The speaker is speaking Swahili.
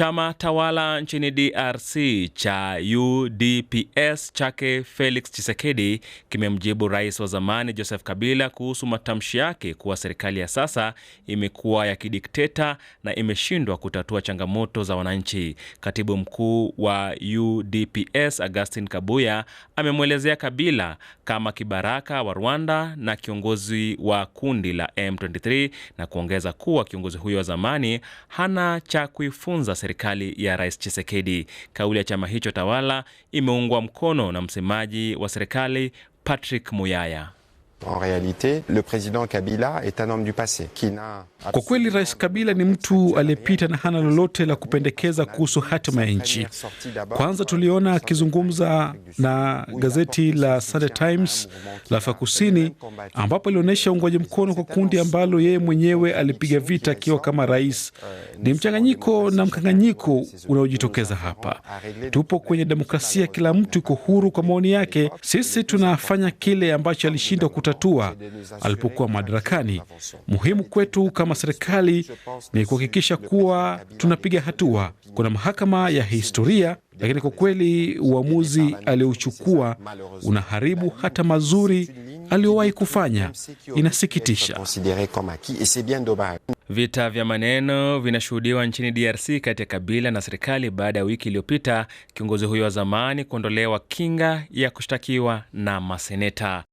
Chama tawala nchini DRC cha UDPS chake Felix Tshisekedi kimemjibu rais wa zamani Joseph Kabila kuhusu matamshi yake kuwa serikali ya sasa imekuwa ya kidikteta na imeshindwa kutatua changamoto za wananchi. Katibu mkuu wa UDPS Augustin Kabuya amemwelezea Kabila kama kibaraka wa Rwanda na kiongozi wa kundi la M23 na kuongeza kuwa kiongozi huyo wa zamani hana cha kuifunza serikali ya Rais Chisekedi. Kauli ya chama hicho tawala imeungwa mkono na msemaji wa serikali Patrick Muyaya. En réalité, le président Kabila est un homme du passe. Kwa kweli Rais Kabila ni mtu aliyepita na hana lolote la kupendekeza kuhusu hatima ya nchi. Kwanza tuliona akizungumza na gazeti la Sunday Times la Afrika Kusini, ambapo alionyesha uungwaji mkono kwa kundi ambalo yeye mwenyewe alipiga vita akiwa kama rais. Ni mchanganyiko na mkanganyiko unaojitokeza hapa. Tupo kwenye demokrasia, kila mtu yuko huru kwa maoni yake. Sisi tunafanya kile ambacho alishindwa kutatua alipokuwa madarakani. Muhimu kwetu kama serikali ni kuhakikisha kuwa tunapiga hatua. Kuna mahakama ya historia, lakini kwa kweli uamuzi aliochukua unaharibu hata mazuri aliyowahi kufanya. Inasikitisha. Vita vya maneno vinashuhudiwa nchini DRC kati ya Kabila na serikali baada ya wiki iliyopita kiongozi huyo wa zamani kuondolewa kinga ya kushtakiwa na maseneta.